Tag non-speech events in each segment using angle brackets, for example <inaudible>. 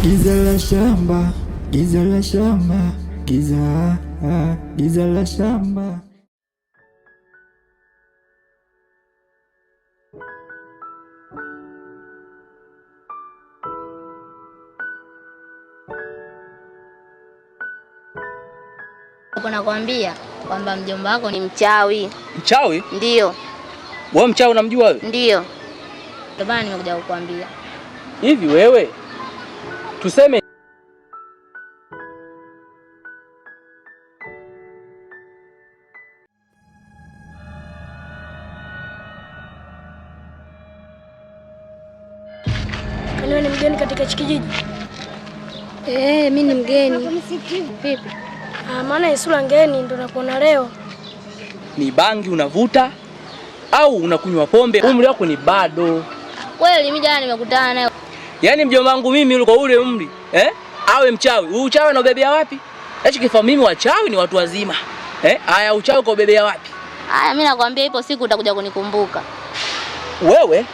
Giza la shamba, giza la shamba, giza, ah, giza la shamba. Nakwambia kwamba mjomba wako ni mchawi. Mchawi? Ndio. Wewe mchawi unamjua wewe? Ndio. Ndio bana nimekuja kukwambia. Hivi wewe tuseme Kaniwe ni mgeni katika chikijiji. Eh, mimi ni mgeni. Vipi? Ah, maana isura ngeni ndo nakuona leo. Ni bangi unavuta au unakunywa pombe? Umri wako ni bado. Kweli mimi jana nimekutana naye Yaani mjomba wangu mimi yuko ule umri eh? Awe mchawi. Uchawi na ubebea wapi? Hicho yaani kifaa mimi wachawi ni watu wazima. Eh? Aya uchawi kwa ubebea wapi? aya mimi nakwambia ipo siku utakuja kunikumbuka. Wewe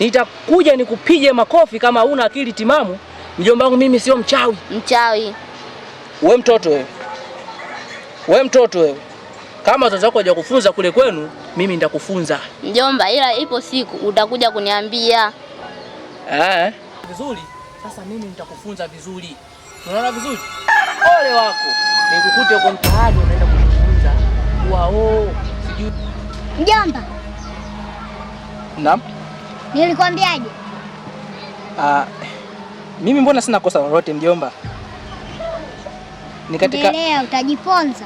nitakuja nikupige makofi kama una akili timamu. Mjomba wangu mimi sio mchawi. Mchawi. We mtoto wewe. We mtoto wewe. Kama wazazi wako hawajakufunza kule kwenu, mimi nitakufunza. Mjomba, ila ipo siku utakuja kuniambia. Eh. Vizuri. Sasa mimi nitakufunza vizuri. Unaona vizuri? Ole wako. Nikukute uko mtaani unaenda kujifunza. Wao. Oh, sijui. Mjomba. Naam. Nilikwambiaje? Ah, mimi mbona sina kosa lolote mjomba. Ni katika Endelea utajiponza.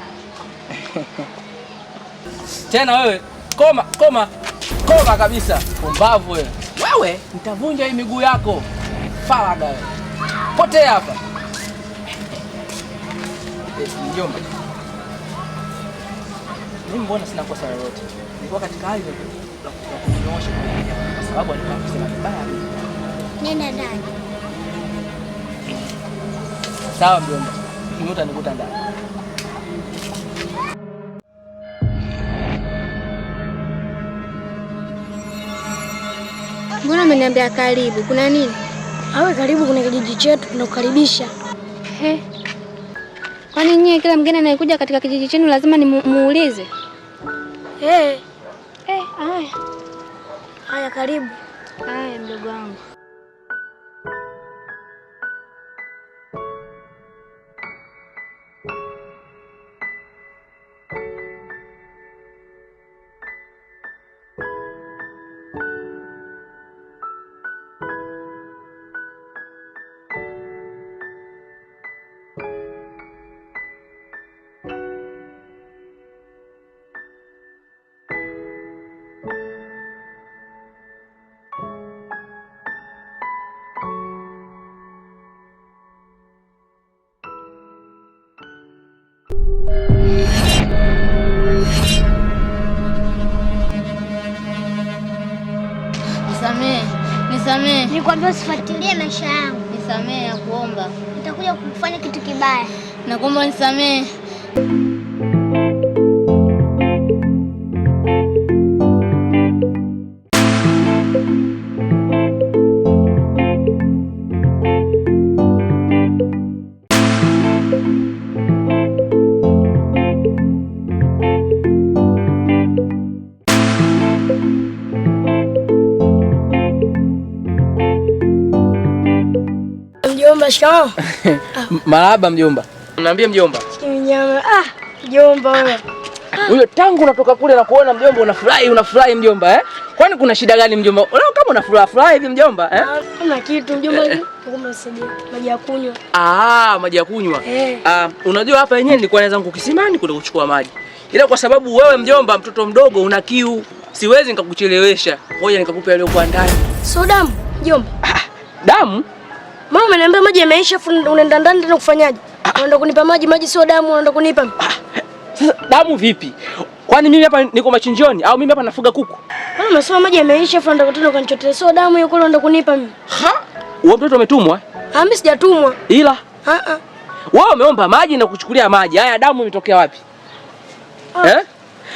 Tena wewe koma koma koma kabisa. Pumbavu wewe wewe nitavunja hii miguu yako. Faraga wewe, potea hapa eh, mjomba. Mimi mbona sina kosa lolote, nilikuwa katika hali ya kunyoosha kwa sababu alikuwa akisema vibaya. Nenda ndani. Sawa mjomba, utanikuta ndani. Mbona ameniambia karibu? Kuna nini? Awe karibu, kuna kijiji chetu tunakukaribisha. He. Kwani nyie kila mgeni anayekuja katika kijiji chenu lazima ni muulize? haya. Haya, karibu. Haya, mdogo wangu. nisamehe. Nilikwambia usifuatilie maisha yangu. Nisamehe, nakuomba. Nitakuja kufanya kitu kibaya. Nakuomba nisamehe. Shikamoo. Ah. Marahaba mjomba. Naambia mjomba. Mjomba. Ah, mjomba wewe. Ah. Huyo tangu unatoka kule na kuona mjomba unafurahi unafurahi mjomba eh? Kwani kuna shida gani mjomba? Unaona kama unafurahi furahi hivi mjomba eh? Ah, kuna kitu mjomba eh. eh. Maji ya kunywa. Ah, maji ya kunywa. Eh. Ah, unajua hapa yenyewe nilikuwa naweza zangu kisimani kuenda kuchukua maji. Ila kwa sababu wewe mjomba mtoto mdogo una kiu, siwezi nikakuchelewesha. Ngoja nikakupa yale kwa ndani. So damu, mjomba. Ah, damu? Mama ameniambia maji yameisha, afu unaenda ndani tena kufanyaje? Unaenda kunipa maji, maji sio damu, unaenda kunipa. Ah, sasa damu vipi? Kwani mimi hapa niko machinjioni au mimi hapa nafuga kuku? Mama amesema maji yameisha, afu unaenda tena ukanichotea sio damu hiyo kule unaenda kunipa mimi. Ha? Wewe mtoto umetumwa? Ah, mimi sijatumwa. Ila? Ah ah. Wewe umeomba maji na kuchukulia maji. Haya damu imetokea wapi? Ah. Eh?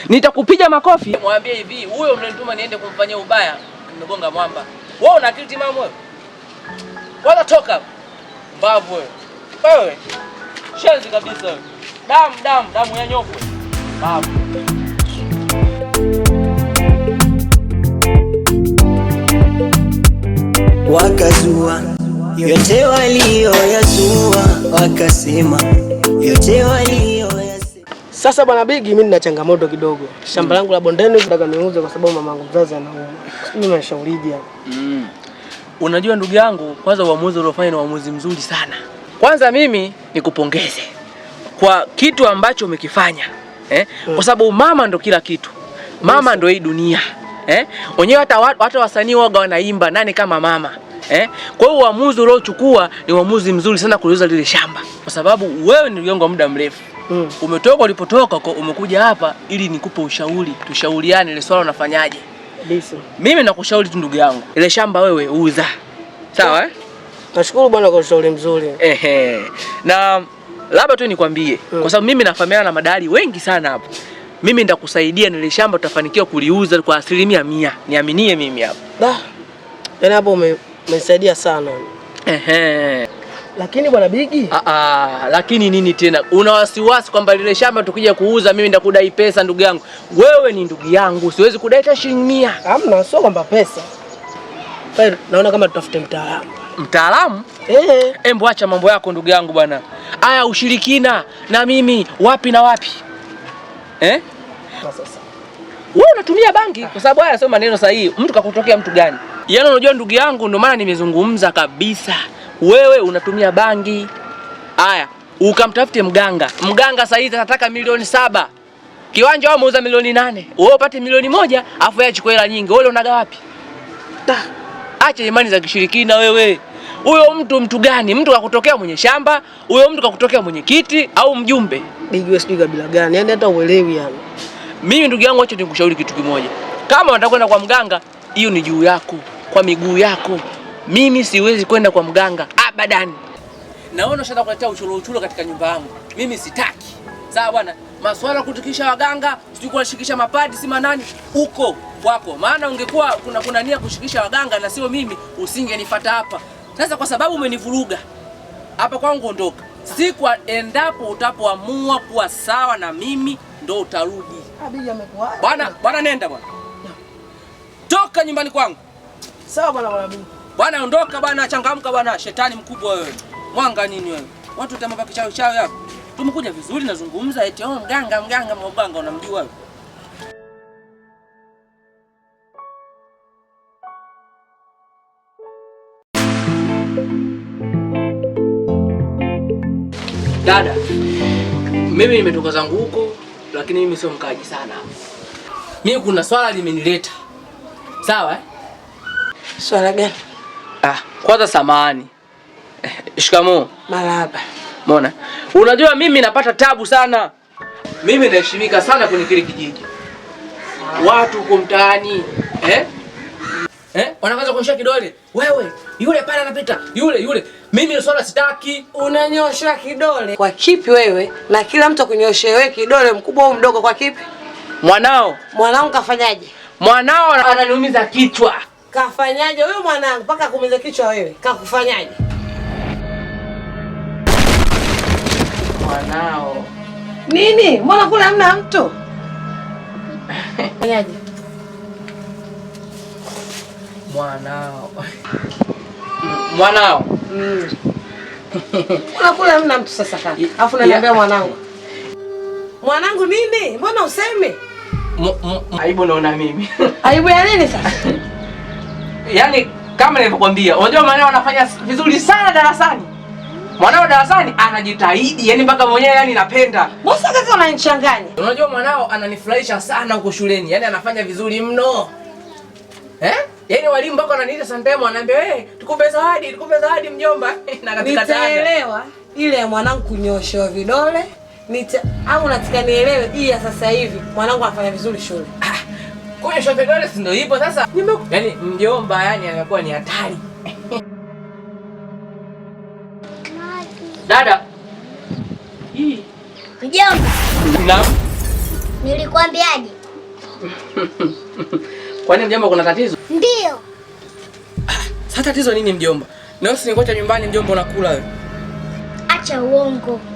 Nitakupiga makofi. Mwambie hivi, huyo unanituma niende kumfanyia ubaya, nimegonga mwamba. Wewe una akili timamu wewe? Wala toka. Mbavu wewe. Wewe. Shenzi kabisa wewe. Damu damu damu ya nyokwe. Mbavu. Wakazua yote walioyazua, wakasema yote walioyasema. Sasa bwana Bigi, mimi nina changamoto kidogo. Shamba langu la bondeni nataka niuze kwa sababu mamangu mzazi anauma. Mimi nashauriji hapa. Mm. Unajua ndugu yangu, kwanza uamuzi uliofanya ni uamuzi mzuri sana. Kwanza mimi nikupongeze kwa kitu ambacho umekifanya eh? Hmm. Kwa sababu mama ndo kila kitu, mama ndo hii dunia eh? Wenyewe hata hata wasanii waga wanaimba nani kama mama eh? Kwa hiyo uamuzi uliochukua ni uamuzi mzuri sana kuliuza lile shamba, kwa sababu wewe ni wa muda mrefu mm. Umetoka ulipotoka, umekuja hapa ili nikupe ushauri, tushauriane ile swala unafanyaje kabisa. Mimi nakushauri tu ndugu yangu, ile shamba wewe uza, sawa eh? Nashukuru bwana kwa ushauri mzuri. Ehe, na labda tu nikwambie hmm, kwa sababu mimi nafahamiana na madali wengi sana hapo Mimi nitakusaidia na ile shamba utafanikiwa kuliuza kwa asilimia mia, niaminie mimi hapo. Bah, yaani hapo umenisaidia sana. Ehe. Lakini bwana Bigi, ah, ah, lakini nini tena? Una wasiwasi kwamba lile shamba tukija kuuza mimi ndakudai pesa? Ndugu yangu, wewe ni ndugu yangu, siwezi kudai hata shilingi 100. Hamna, sio kwamba pesa. Pale naona kama tutafute mtaalamu. Mtaalamu? Eh. Embo, acha mambo yako ndugu yangu bwana. Aya, ushirikina na mimi wapi na wapi eh? wewe unatumia bangi kwa sababu haya sio maneno sahihi. Mtu kakutokea mtu gani? Yaani unajua ndugu yangu, ndio maana nimezungumza kabisa wewe unatumia bangi. Haya, ukamtafute mganga, mganga sasa hizi anataka milioni saba, kiwanja wao muuza milioni nane, wewe upate milioni moja afu yeye achukue hela nyingi, wewe unaga wapi? Acha imani za kishirikina wewe. Huyo mtu mtu gani? Mtu kakutokea mwenye shamba? Huyo mtu kakutokea mwenye kiti au mjumbe? Bigwe sijui kabila gani. Yaani hata uelewi yani. Mimi ndugu yangu, acha nikushauri kitu kimoja. Kama unataka kwenda kwa mganga, hiyo ni juu yako, kwa miguu yako. Mimi siwezi kwenda kwa mganga abadan. Naona ushaanza kuletea uchulo uchulo katika nyumba yangu, mimi sitaki. Sawa bwana, maswala kutikisha waganga, sijui kuwashikisha mapadi si manani huko kwako, maana ungekuwa kuna kuna nia kushikisha waganga na sio mimi, usingenifuata hapa. Sasa kwa sababu umenivuruga hapa kwangu, ondoka. Siku endapo utapoamua kuwa sawa na mimi ndo utarudi. Bwana bwana, nenda bwana, toka nyumbani kwangu. Sawa bwana bwana. Bwana ondoka bwana, changamka bwana, shetani mkubwa wewe. Mwanga nini wewe? Watu utamapa kichawi chao hapo. Tumekuja vizuri nazungumza eti oh, mganga mganga mganga unamjua wewe. Dada, mimi nimetoka zangu huko lakini mimi sio mkaji sana. Mimi kuna swala limenileta. Sawa eh? Swala gani? Ah, kwanza samani. Eh, shikamoo. Marahaba. Mbona? Unajua mimi napata tabu sana. Mimi naheshimika sana kwenye kile kijiji. Watu huko mtaani, eh? Eh? Wanaanza kunyosha kidole. Wewe, yule pale anapita, yule yule. Mimi swala sitaki. Unanyosha kidole. Kwa kipi wewe? Na kila mtu kunyoshe wewe kidole mkubwa au mdogo kwa kipi? Mwanao. Mwanao kafanyaje? Mwanao ananiumiza kichwa. Kafanyaje huyo mwanangu mpaka kumeza kichwa wewe? Kakufanyaje? Mwanao. Nini? Mbona kule hamna mtu? Fanyaje? Mwanao. Mwanao. Mm. Mbona kule hamna mtu sasa kaka? Alafu naniambia mwanangu. Mwanangu nini? Mbona useme? Aibu naona mimi. Aibu ya nini sasa? <laughs> yani kama nilivyokuambia, unajua mwanao anafanya vizuri sana darasani. Mwanao darasani anajitahidi, yani mpaka mwenyewe yani napenda. Bosi kazi ananichanganya. Unajua mwanao ananifurahisha sana huko shuleni. Yani anafanya vizuri mno. Eh? Yaani walimu mpaka wananiita sometime wananiambia, wewe, eh, tukupe zawadi, tukupe zawadi mjomba. <laughs> Na katika tanga. Nitaelewa ile ya mwanangu kunyoshwa vidole. Nita au nataka nielewe hii ya sasa hivi mwanangu anafanya vizuri shule. <laughs> kunywa Shopping Goddess ndio ipo sasa. Yaani mjomba yani anakuwa ni hatari. Dada. Hii. Mjomba. Naam. Nilikwambiaje? <laughs> Kwani mjomba kuna tatizo? Ndio. Sasa tatizo nini mjomba? Na wewe usinikocha nyumbani mjomba unakula wewe. Acha uongo.